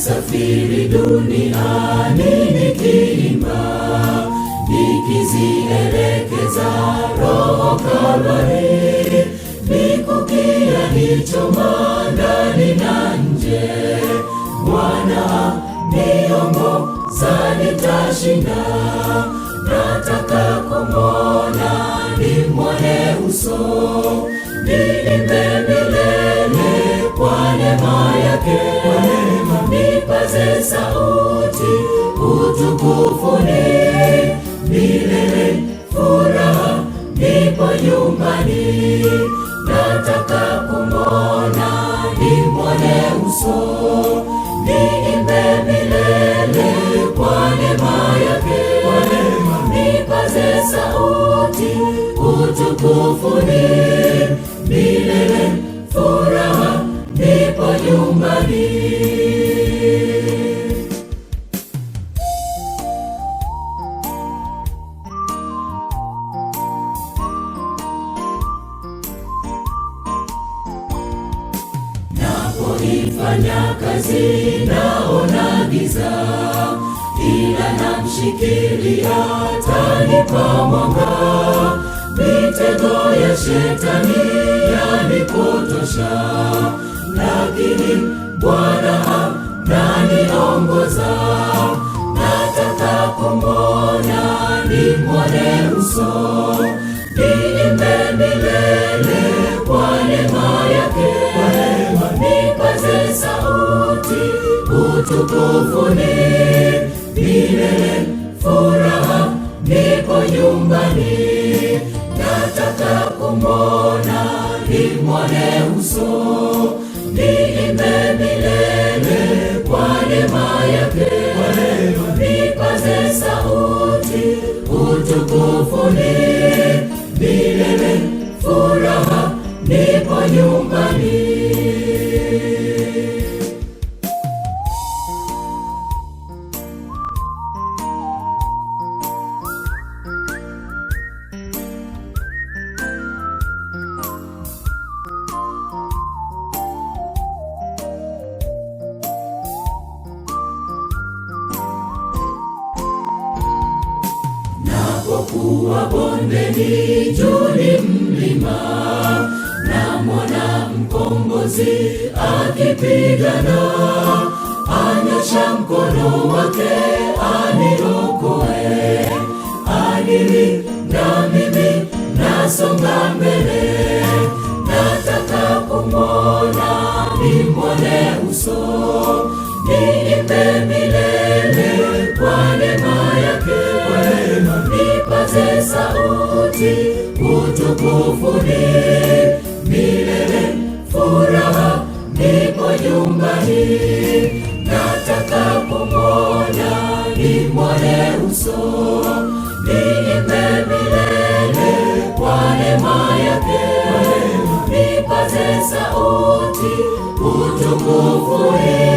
nasafiri duniani nikiimba, nikizielekeza roho kabari, nikukia nichoma ndani na nje. Bwana niongoza, nitashinda, nataka kumwona, nimwone uso neema yake. Nipaze sauti, utukufuni milele, furaha nipo nyumbani. Napoifanya kazi naona giza ila namshikilia atanipa mwanga, mitego ya shetani yanipotosha, lakini Bwana ananiongoza. Nataka kumwona nimwone uso, niimbe milele kwa neema yake, nipaze sauti utukufuni milele. Furaha niko nyumbani, nataka kumwona nimwone usoni. kuwa bonde juu ni mlima, na mkombozi akipigana, anyosha mkono wake aniokoe, anili na mimi nasonga mbele Tupaze sauti, utukufuni milele. Furaha nipo nyumbani, natakapomwona nimwone uso, niimbe milele kwa neema yake. Nipaze sauti, utukufuni